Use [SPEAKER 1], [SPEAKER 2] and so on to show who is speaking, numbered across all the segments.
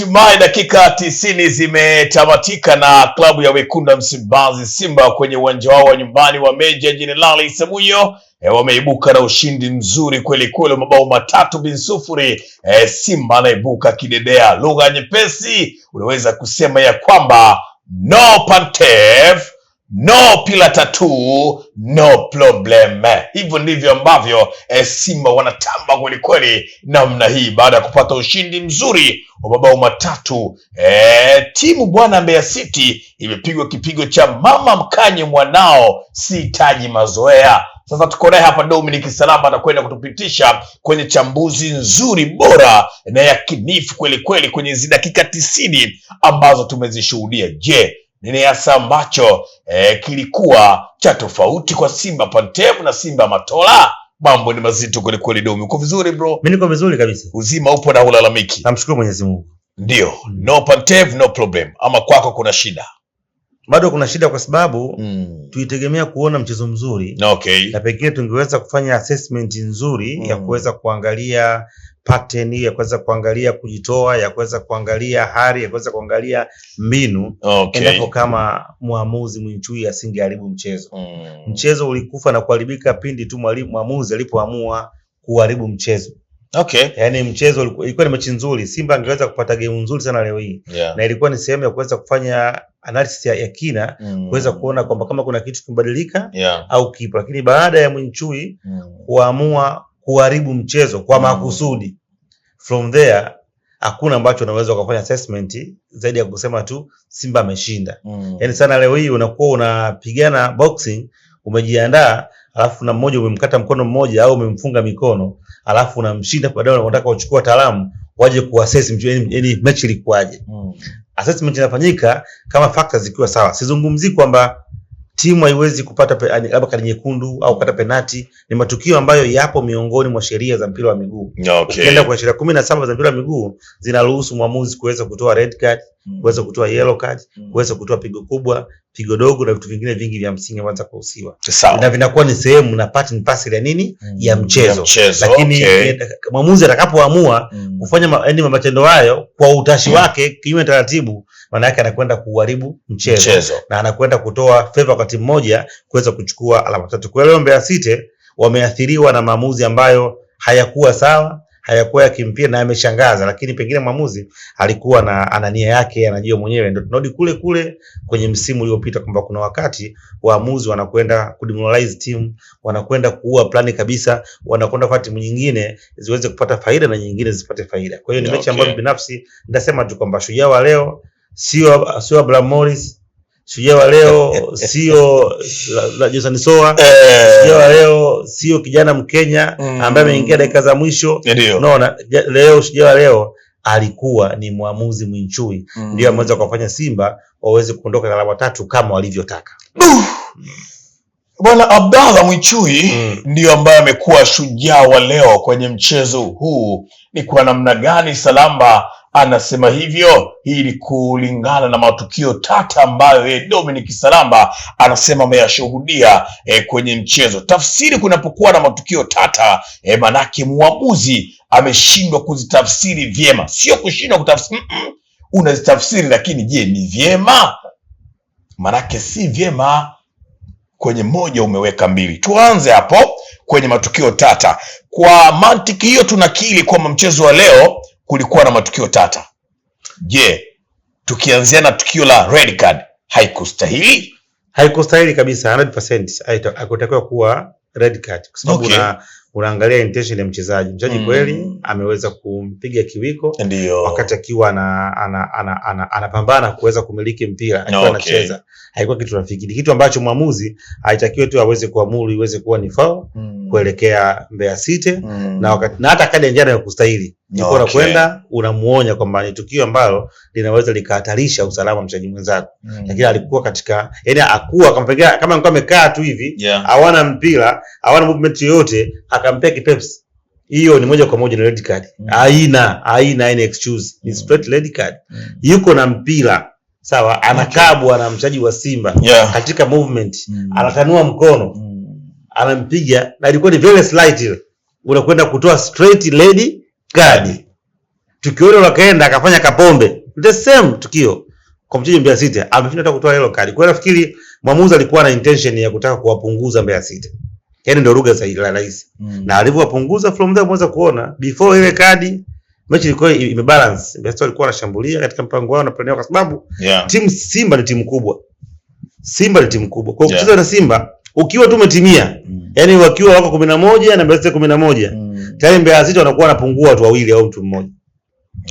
[SPEAKER 1] Hatimaye dakika tisini zimetamatika na klabu ya Wekunda Msimbazi Simba kwenye uwanja wao wa nyumbani wa Meja Jenerali Isamuhyo e, eh, wameibuka na ushindi mzuri kweli kweli, mabao matatu bin sufuri. E, Simba anaibuka kidedea. Lugha nyepesi unaweza kusema ya kwamba no pantev No pila tatu no problem. Hivyo ndivyo ambavyo eh, Simba wanatamba kwelikweli namna hii baada ya kupata ushindi mzuri wa mabao matatu. eh, timu bwana Mbeya City imepigwa kipigo cha mama mkanye mwanao, si taji mazoea. Sasa tuko naye hapa Dominic Salama atakwenda kutupitisha kwenye chambuzi nzuri bora na yakinifu kwelikweli kwenye hizi dakika tisini ambazo tumezishuhudia. Je, nini hasa ambacho eh, kilikuwa cha tofauti kwa Simba Pantevu na Simba Matola. Mambo ni mazito kweli kweli. Domi, uko vizuri bro?
[SPEAKER 2] Mimi niko vizuri kabisa.
[SPEAKER 1] Uzima upo na ulalamiki?
[SPEAKER 2] Namshukuru Mwenyezi Mungu.
[SPEAKER 1] Ndio, no Pantev, no problem. Ama kwako kuna shida?
[SPEAKER 2] Bado kuna shida kwa sababu mm. tuitegemea kuona mchezo mzuri okay. na pengine tungeweza kufanya assessment nzuri mm. ya kuweza kuangalia pattern ya kuweza kuangalia kujitoa, ya kuweza kuangalia hali, ya kuweza kuangalia mbinu okay. Endapo kama mwamuzi Mwinchui asingeharibu mchezo mm. Mchezo ulikufa na kuharibika pindi tu mwalimu mwamuzi alipoamua kuharibu mchezo. Okay. Yani mchezo ilikuwa ni mechi nzuri, Simba angeweza kupata game nzuri sana leo hii yeah. Na ilikuwa ni sehemu ya kuweza kufanya analysis ya kina mm. kuweza kuona kwamba kama kuna kitu kimebadilika
[SPEAKER 1] yeah. au
[SPEAKER 2] kipo, lakini baada ya Mwinchui mm. kuamua kuharibu mchezo kwa mm. makusudi. From there hakuna ambacho unaweza ukafanya assessment zaidi ya kusema tu Simba ameshinda. Mm. Yaani sana leo hii unakuwa unapigana boxing umejiandaa, alafu na mmoja umemkata mkono mmoja au umemfunga mikono, alafu unamshinda baadaye, unataka uchukue wataalamu waje kuassess yaani, yaani mechi ilikuwaje. Mm. Assessment inafanyika kama factors zikiwa sawa. Sizungumzii kwamba timu haiwezi kupata labda kadi nyekundu au kupata penati. Ni matukio ambayo yapo miongoni mwa sheria za mpira wa miguu.
[SPEAKER 1] Okay. Ukienda
[SPEAKER 2] kwa sheria kumi na saba za mpira wa miguu zinaruhusu mwamuzi kuweza kutoa red card, mm. kuweza kutoa yellow card, mm. kuweza kutoa pigo kubwa, pigo dogo na vitu vingine vingi vya msingi ambavyo kuruhusiwa. Na vinakuwa ni sehemu na part and parcel ya nini? Mm. Ya mchezo. Ya mchezo. Lakini okay. Mwamuzi atakapoamua kufanya yaani matendo hayo kwa utashi wake kinyume taratibu maana yake anakwenda kuharibu mchezo, mchezo, na anakwenda kutoa fedha wakati mmoja kuweza kuchukua alama tatu. Kwa hiyo Mbeya City wameathiriwa na maamuzi ambayo hayakuwa sawa hayakuwa ya yakimpia na yameshangaza, lakini pengine mwamuzi alikuwa na anania yake, anajua mwenyewe. Ndio tunarudi kule kule kwenye msimu uliopita kwamba kuna wakati waamuzi wanakwenda kudemoralize team, wanakwenda kuua plani kabisa, wanakwenda kwa timu nyingine ziweze kupata faida na nyingine zipate faida. Kwa hiyo ni okay, mechi ambayo binafsi nitasema tu kwamba shujaa wa leo sio sio Abraham Morris, shujaa wa leo sio Jason Soa, eh. shujaa wa leo sio kijana Mkenya mm. ambaye ameingia dakika za mwisho. Unaona, leo shujaa wa leo alikuwa ni mwamuzi mwinchui, mm. ndio ameweza kuwafanya Simba waweze kuondoka na alama tatu kama walivyotaka.
[SPEAKER 1] Bwana Abdallah Michui mm. ndio ambaye amekuwa shujaa wa leo kwenye mchezo huu. Ni kwa namna gani Salamba anasema hivyo. ili kulingana na matukio tata ambayo yeye Dominic Salamba anasema ameyashuhudia e, kwenye mchezo. Tafsiri kunapokuwa na matukio tata e, manake mwamuzi ameshindwa kuzitafsiri vyema, sio kushindwa kutafsiri mm -mm. Unazitafsiri lakini je, ni vyema? Manake si vyema kwenye moja umeweka mbili. Tuanze hapo kwenye matukio tata. Kwa mantiki hiyo, tunakiri kwamba mchezo wa leo kulikuwa na matukio tata. Je, tukianzia na tukio la red card haikustahili?
[SPEAKER 2] Haikustahili kabisa 100%, haikutakiwa kuwa red card kwa sababu okay unaangalia intention ya mchezaji mchezaji mm. Kweli ameweza kumpiga kiwiko Ndiyo. wakati akiwa anapambana ana, ana, ana, ana kuweza kumiliki mpira akiwa okay. anacheza Haikuwa kitu rafiki, ni kitu ambacho mwamuzi haitakiwe tu aweze kuamuru iweze kuwa ni foul mm. kuelekea Mbeya City mm. na wakati, na hata kadi ya njano ya kustahili ndipo okay. Unakwenda unamuonya kwamba ni tukio ambalo linaweza likahatarisha usalama mchezaji mwenzako mm. Lakini alikuwa katika yani akuwa kama kama amekaa tu hivi hawana yeah. mpira hawana movement yoyote akampea kipepsi, hiyo ni moja kwa moja ni red card. Mm. Haina haina any excuse, ni mm. straight red card. Mm. Yuko na mpira sawa, anakabwa na mchezaji wa Simba
[SPEAKER 1] yeah. katika
[SPEAKER 2] movement mm. anatanua mkono mm. anampiga, na ilikuwa ni very slight ile, unakwenda kutoa straight red card. Tukio hilo lakaenda akafanya kapombe, the same tukio kwa mchezaji Mbeya City amefinda kutoa yellow card. Kwa nafikiri mwamuzi alikuwa na intention ya kutaka kuwapunguza Mbeya City yani ndio lugha la rais mm. na alivyopunguza from there, unaweza kuona before ile kadi mechi ilikuwa imebalance. Best alikuwa anashambulia katika mpango wao na plan yao, kwa sababu yeah. timu Simba ni timu kubwa, Simba ni timu kubwa kwa yeah. kucheza na Simba ukiwa tu umetimia mm. yani wakiwa wako 11 na moja na Best mm. tayari Mbeya City wanakuwa wanapungua watu wawili au mtu mmoja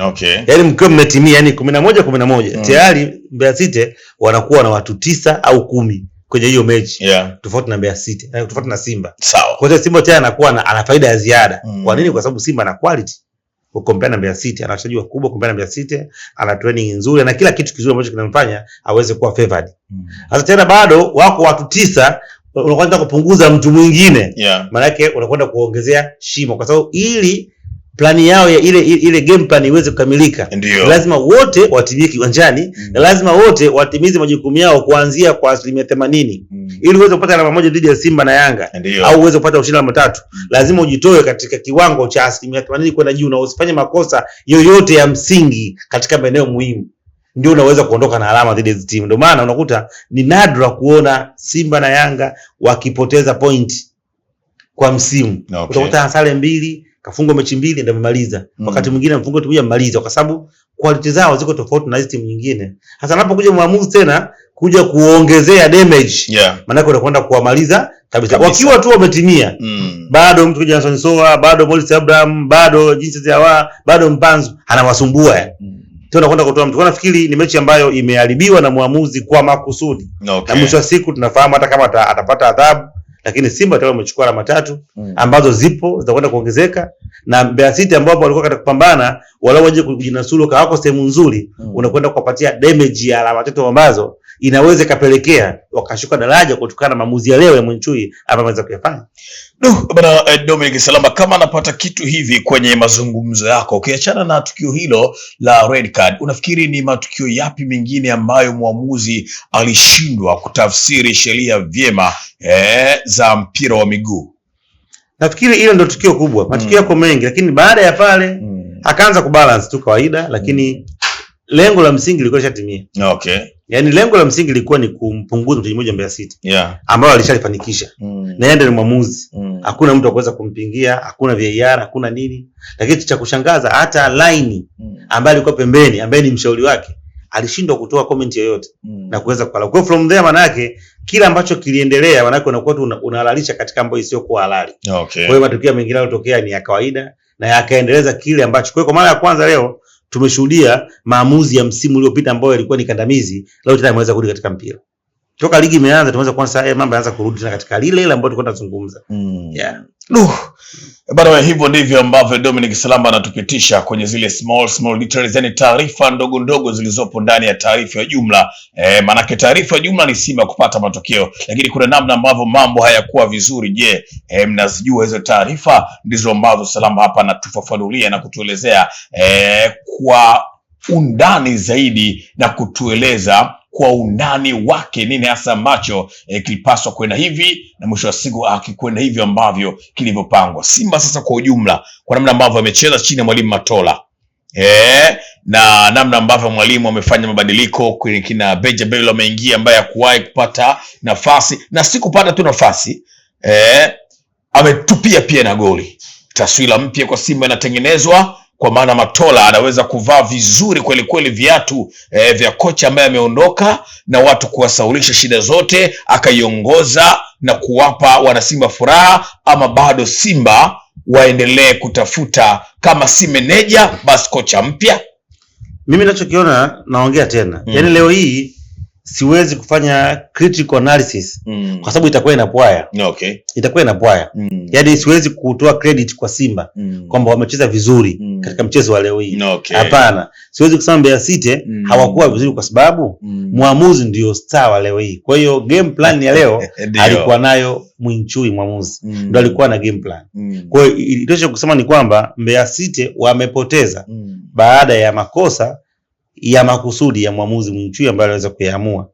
[SPEAKER 2] Okay. Yaani mkiwa mmetimia yani 11 11 mm. tayari Mbeya City wanakuwa na watu tisa au kumi kwenye hiyo mechi yeah. tofauti na Mbeya City eh, tofauti na Simba sawa. Kwa Simba tena anakuwa na, ana faida ya ziada mm. kwa nini? Kwa sababu Simba ana quality kukompea na Mbeya City, ana wachezaji wakubwa kukompea na Mbeya City, ana training nzuri na kila kitu kizuri ambacho kinamfanya aweze kuwa favored mm. sasa. mm. tena bado wako watu tisa unakwenda kupunguza mtu mwingine yeah. maana yake unakwenda kuongezea shimo, kwa sababu ili plani yao ya ile ile game plan iweze kukamilika, lazima wote watimie kiwanjani mm. na lazima wote watimize majukumu yao kuanzia kwa asilimia themanini mm. ili uweze kupata alama moja dhidi ya Simba na Yanga Ndiyo. au uweze kupata ushindi alama tatu mm. lazima ujitoe katika kiwango cha asilimia themanini kwenda juu na usifanye makosa yoyote ya msingi katika maeneo muhimu ndio unaweza kuondoka na alama dhidi ya hizi timu. Ndio maana unakuta ni nadra kuona Simba na Yanga wakipoteza point kwa msimu okay. Utakuta hasare mbili kafungwa mechi mbili ndio amemaliza mm. Wakati mwingine mfungo tu moja amemaliza kwa sababu quality zao ziko tofauti na hizo timu nyingine. Hasa anapokuja mwamuzi tena kuja kuongezea damage yeah. maana Maanake unakwenda kuwamaliza kabisa, wakiwa tu wametimia mm. Bado mtu kuja Jason Soa, bado Moses Abraham, bado jinsi ya wa bado Mpanzu anawasumbua mm. Tuna kwenda kutoa mtu. Nafikiri ni mechi ambayo imeharibiwa na mwamuzi kwa makusudi okay. Na mwisho wa siku tunafahamu hata kama atapata adhabu lakini Simba tayari wamechukua alama tatu mm. ambazo zipo zitakwenda kuongezeka na Mbeya City ambao walikuwa katika kupambana waje kujinasuru, kawako sehemu nzuri mm. unakwenda kuwapatia damage ya alama tatu ambazo inaweza ikapelekea wakashuka daraja kutokana na maamuzi ya leo ya Mwinchui ambaye ameweza kuyafanya.
[SPEAKER 1] bwana eh, Dominic Salama, kama anapata kitu hivi kwenye mazungumzo yako, ukiachana na tukio hilo la red card, unafikiri ni matukio yapi mengine ambayo mwamuzi alishindwa kutafsiri sheria vyema eh, za mpira wa miguu?
[SPEAKER 2] Nafikiri hilo ndio tukio kubwa. Matukio mm. yako mengi, lakini baada ya pale mm akaanza kubalance tu kawaida, lakini mm lengo la msingi lilikuwa lishatimia. Okay. Yaani lengo la msingi lilikuwa ni kumpunguza mchezaji mmoja Mbeya City. Yeah. Ambao alishalifanikisha. Mm. Na yeye ndiye mwamuzi. Mm. Hakuna mtu akuweza kumpingia, hakuna VAR, hakuna nini. Lakini kitu cha kushangaza hata line mm. ambaye alikuwa pembeni, ambaye ni mshauri wake, alishindwa kutoa comment yoyote mm. na kuweza kwa. Kwa from there maana yake kila ambacho kiliendelea maana yake unakuwa tu unahalalisha katika ambayo isiyokuwa halali. Okay. Kwa hiyo matukio mengine yalotokea ni ya kawaida na yakaendeleza kile ambacho. Kwa hiyo kwa mara ya kwanza leo tumeshuhudia maamuzi ya msimu uliopita ambayo yalikuwa ni kandamizi, leo tena yameweza kurudi katika mpira toka ligi imeanza tumeanza kwanza eh, mambo yanaanza kurudi tena katika lile ile ambayo tulikuwa tunazungumza. Mm. Yeah.
[SPEAKER 1] Duh. Bado hivyo ndivyo ambavyo Dominic Salamba anatupitisha kwenye zile small small details, yani taarifa ndogo ndogo zilizopo ndani ya taarifa ya jumla. Eh, manake taarifa ya jumla ni Simba kupata matokeo, lakini kuna namna ambavyo mambo hayakuwa vizuri. Je, eh, mnazijua hizo taarifa? Ndizo ambazo Salamba hapa anatufafanulia na kutuelezea eh, kwa undani zaidi na kutueleza kwa undani wake nini hasa ambacho eh, kilipaswa kwenda hivi na mwisho wa siku akikwenda ah, hivyo ambavyo kilivyopangwa. Simba sasa kwa ujumla, kwa namna ambavyo amecheza chini ya mwalimu Matola eh, na namna ambavyo mwalimu amefanya mabadiliko kina Beja Belo ameingia ambaye hakuwahi kupata nafasi na si kupata tu nafasi eh, ametupia pia na goli. Taswira mpya kwa Simba inatengenezwa kwa maana Matola anaweza kuvaa vizuri kweli kweli viatu eh, vya kocha ambaye ameondoka na watu kuwasaulisha shida zote, akaiongoza na kuwapa wanasimba furaha, ama bado Simba waendelee kutafuta, kama si meneja basi kocha mpya?
[SPEAKER 2] Mimi nachokiona, naongea tena mm. Yaani leo hii siwezi kufanya critical analysis mm. kwa sababu itakuwa inapwaya. Okay. itakuwa inapwaya mm. Yaani siwezi kutoa credit kwa Simba mm. kwamba wamecheza vizuri mm. katika mchezo wa leo hii. Hapana. Okay. siwezi kusema Mbeya site mm. hawakuwa vizuri kwa sababu mm. mwamuzi ndio star wa leo hii. Kwa hiyo game plan ya leo alikuwa nayo Mwinchui mwamuzi mm. ndio alikuwa na game plan mm. kwa hiyo itosha kusema ni kwamba Mbeya site wamepoteza mm. baada ya makosa ya makusudi ya mwamuzi Mchui ambaye anaweza kuyaamua.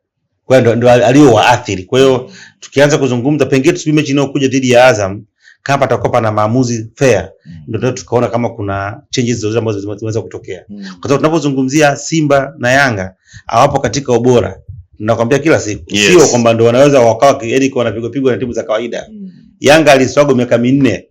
[SPEAKER 2] Kwa hiyo ndo aliyowaathiri. Kwa hiyo tukianza kuzungumza, pengine tusubiri mechi inayokuja dhidi ya Azam kama patakopa na maamuzi fair, ndio tukaona kama kuna changes zozote ambazo zinaweza kutokea, mm. kwa sababu tunapozungumzia Simba na Yanga hawapo katika ubora nakwambia kila siku yes. Sio kwamba ndio wanaweza wakawa yani kwa wanapigwa pigwa na timu za kawaida mm. Yanga aliswago miaka minne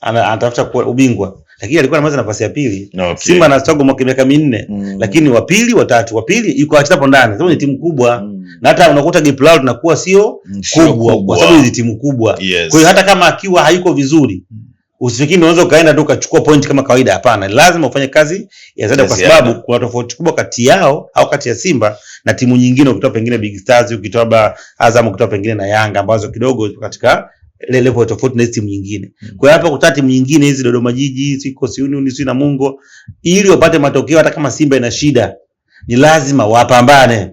[SPEAKER 2] anatafuta ubingwa, lakini alikuwa anamaliza nafasi ya pili. Okay. Simba na struggle mwaka miaka minne mm. lakini wa pili wa tatu wa pili yuko acha hapo ndani, sababu ni timu kubwa mm. na hata unakuta gap lao tunakuwa sio kubwa, kwa sababu ni timu kubwa. Yes. Kwa hiyo hata kama akiwa hayuko vizuri mm. Usifikiri unaweza ukaenda tu ukachukua point kama kawaida. Hapana, lazima ufanye kazi ya zaidi, kwa sababu kuna tofauti kubwa kati yao au kati ya Simba na timu nyingine, ukitoa pengine Big Stars, ukitoa Azam, ukitoa pengine na Yanga ambazo kidogo katika ile level tofauti na timu nyingine. Mm. Kwa hiyo hapa kutana timu nyingine hizi Dodoma Jiji, si Coastal Union, si Namungo, ili wapate matokeo hata kama Simba ina shida, ni lazima wapambane.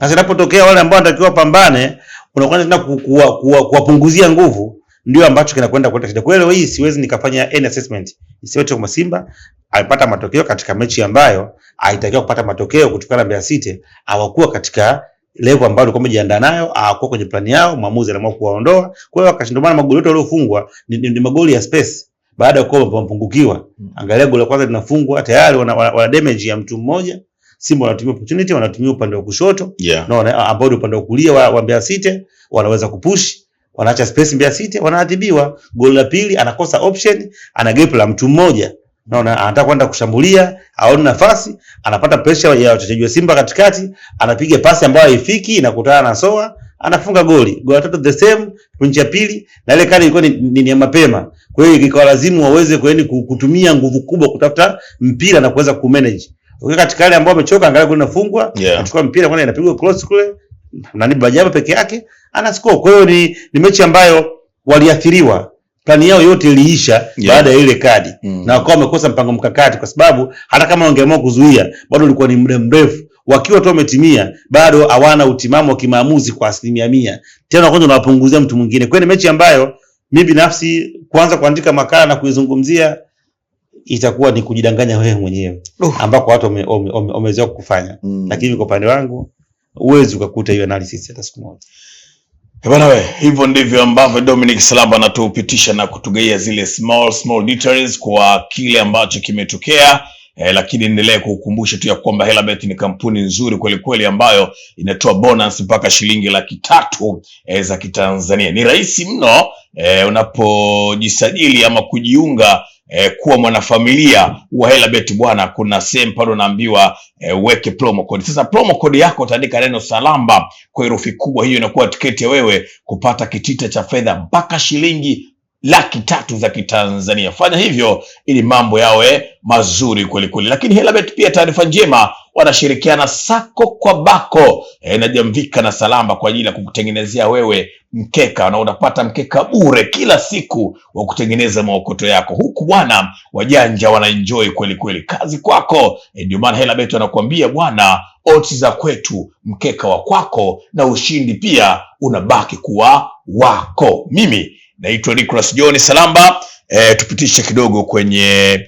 [SPEAKER 2] Sasa inapotokea wale ambao wanatakiwa wapambane, unakwenda tena kuwapunguzia nguvu, ndio ambacho kinakwenda kuleta shida. Kwa hiyo hii siwezi nikafanya any assessment. Isiwete kwa Simba alipata matokeo katika mechi ambayo alitakiwa kupata matokeo kutokana na Mbeya City, hawakuwa katika level ambayo walikuwa wamejiandaa nayo hawakuwa kwenye plani yao, mwamuzi anaamua kuwaondoa. Kwa hiyo akashinda, maana magoli yote yaliyofungwa ni, ni, ni magoli ya space baada ya kuwa wamepungukiwa. Angalia goli la kwanza linafungwa tayari wana, wana, wana damage ya mtu mmoja. Simba wanatumia opportunity, wanatumia upande wa kushoto yeah. na ambao upande wa kulia wa, wa Mbeya City wanaweza kupush wanaacha space Mbeya City, wanaadhibiwa. Goli la pili anakosa option, ana gap la mtu mmoja naona anataka ah, kwenda kushambulia, aone nafasi, anapata pressure ya wachezaji wa Simba katikati, anapiga pasi ambayo haifiki, na kutana na Soa, anafunga goli. Goli tatu the same kipindi cha pili, na ile kali ilikuwa ni, ni, mapema. Kwa hiyo ikawa lazima waweze kwani kutumia nguvu kubwa kutafuta mpira na kuweza kumanage. Ukiwa katika ile ambayo amechoka, angalia goli inafungwa, yeah. Anachukua mpira kwani inapigwa cross kule na ni Bajaba peke yake anascore. Kwa hiyo ni, ni mechi ambayo waliathiriwa plani yao yote iliisha yeah. baada ya ile kadi mm. na wakawa wamekosa mpango mkakati, kwa sababu hata kama wangeamua kuzuia bado ulikuwa ni muda mrefu. Wakiwa tu wametimia, bado hawana utimamu wa kimaamuzi kwa asilimia mia. Tena kwanza unawapunguzia mtu mwingine. kwani ni mechi ambayo mi binafsi kuanza kuandika makala na kuizungumzia itakuwa ni kujidanganya wewe mwenyewe uh, ambako watu wamezoea kufanya mm. Lakini kwa upande wangu huwezi ukakuta hiyo analysis hata siku moja.
[SPEAKER 1] Eh, Bwana we, hivyo ndivyo ambavyo Dominic Salaba anatupitisha na kutugaia zile small small details kwa kile ambacho kimetokea. Eh, lakini endelee kukumbusha tu ya kwamba Helabet ni kampuni nzuri kweli kweli ambayo inatoa bonus mpaka shilingi laki tatu eh, za Kitanzania. Ni rahisi mno eh, unapojisajili ama kujiunga eh, kuwa mwanafamilia wa Helabet bwana, kuna sehemu pale unaambiwa eh, weke promo code. Sasa promo code yako utaandika neno salamba kwa herufi kubwa, hiyo inakuwa tiketi ya wewe kupata kitita cha fedha mpaka shilingi laki tatu za Kitanzania. Fanya hivyo ili mambo yawe mazuri kwelikweli. Lakini Helabet pia taarifa njema wanashirikiana sako kwa bako e, eh, na na Salamba kwa ajili ya kukutengenezea wewe mkeka, na unapata mkeka bure kila siku wa kutengeneza maokoto yako. Huku bwana, wajanja wanaenjoy kweli kweli, kazi kwako. Eh, ndio e, maana hela betu anakuambia bwana, oti za kwetu, mkeka wa kwako, na ushindi pia unabaki kuwa wako. Mimi naitwa nicolas John Salamba. E, tupitishe kidogo kwenye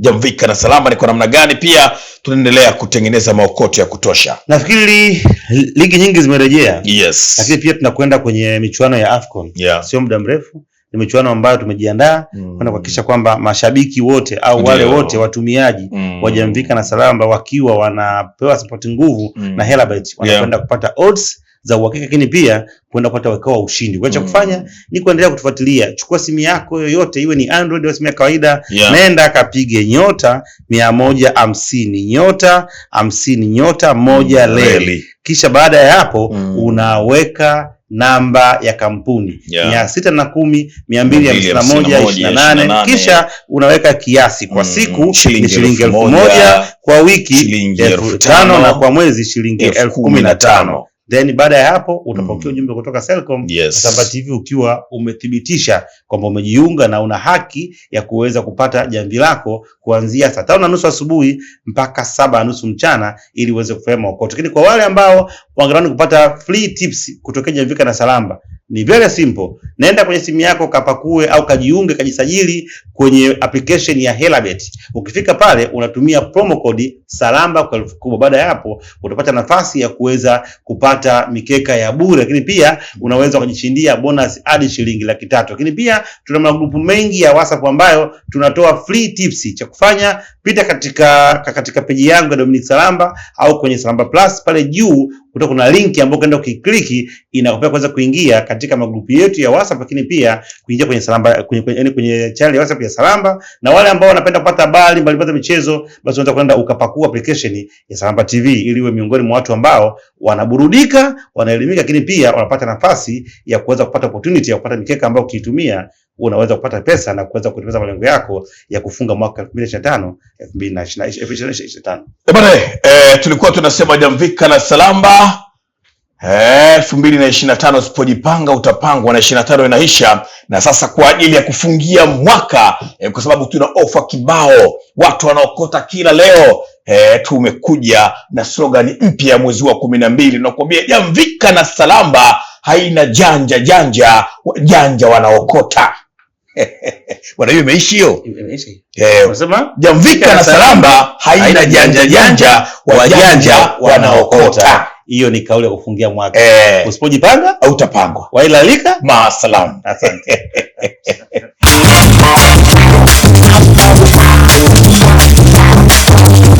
[SPEAKER 1] Jamvika na salama ni kwa namna gani? Pia tunaendelea kutengeneza maokoto ya kutosha.
[SPEAKER 2] Nafikiri ligi nyingi zimerejea, yes. Lakini pia tunakwenda kwenye michuano ya Afcon, yeah. Sio muda mrefu ni michuano ambayo tumejiandaa mm. kwenda kuhakikisha kwamba mashabiki wote au wale wote watumiaji mm. wajamvika na salama wakiwa wanapewa support nguvu mm. na Helabyte wanakwenda yeah. kupata odds za uhakika, lakini pia kwenda kupata wakao wa ushindi. Kwa cha mm. kufanya ni kuendelea kutufuatilia. Chukua simu yako yoyote, iwe ni Android au simu ya kawaida, nenda kapige nyota mia moja hamsini nyota hamsini nyota moja leli, mm, kisha baada ya hapo mm. unaweka namba ya kampuni yeah. mia sita na kumi mia mbili hamsini na moja ishirini na nane kisha unaweka kiasi kwa siku mm, shilingi ni shilingi elfu moja kwa wiki elfu tano na kwa mwezi shilingi elfu kumi na tano Then baada ya hapo utapokea hmm. ujumbe kutoka Selcom yes. Samba TV ukiwa umethibitisha kwamba umejiunga na una haki ya kuweza kupata jamvi lako kuanzia saa tano na nusu asubuhi mpaka saba na nusu mchana ili uweze kufanya maokoto. Lakini kwa wale ambao wangetamani kupata free tips kutokea Jamvika na Salamba ni very simple. Naenda kwenye simu yako kapakue au kajiunge kajisajili kwenye application ya Helabet. Ukifika pale unatumia promo code salamba kwa elfu kubwa. Baada ya hapo utapata nafasi ya kuweza kupata mikeka ya bure, lakini pia unaweza kujishindia bonus hadi shilingi laki tatu. Lakini pia tuna magrupu mengi ya WhatsApp ambayo tunatoa free tips. Cha kufanya pita katika, katika peji yangu ya Dominic Salamba au kwenye Salamba Plus pale juu kuta kuna link ambayo ukaenda ukikliki inakupea kuweza kuingia katika magrupu yetu ya WhatsApp, lakini pia kuingia kwenye Salamba kwenye, kwenye, kwenye channel ya WhatsApp ya Salamba, na wale ambao wanapenda kupata habari mbalimbali za michezo, basi unaweza kwenda ukapakua application ya Salamba TV ili uwe miongoni mwa watu ambao wanaburudika, wanaelimika, lakini pia wanapata nafasi ya kuweza kupata opportunity ya kupata mikeka ambayo ukiitumia unaweza kupata pesa na kuweza kutimiza malengo yako ya kufunga mwaka 2025 2025.
[SPEAKER 1] Eh, eh, tulikuwa tunasema Jamvika na Salamba eh, elfu mbili na ishirini na tano usipojipanga utapangwa, na ishirini na tano inaisha, na sasa kwa ajili ya kufungia mwaka eh, kwa sababu tuna ofa kibao, watu wanaokota kila leo e, tumekuja na slogani mpya mwezi wa kumi na mbili nakuambia Jamvika na Salamba haina janja janja, janja wanaokota Bwana hiyo imeishi hiyo. Eh, Unasema Jamvika na Salamba haina janja janja, wajanja wanaokota.
[SPEAKER 2] Hiyo ni kauli ya kufungia mwaka. Eh, usipojipanga
[SPEAKER 1] hautapangwa.
[SPEAKER 2] Wailalika
[SPEAKER 1] maasalam.
[SPEAKER 2] Asante.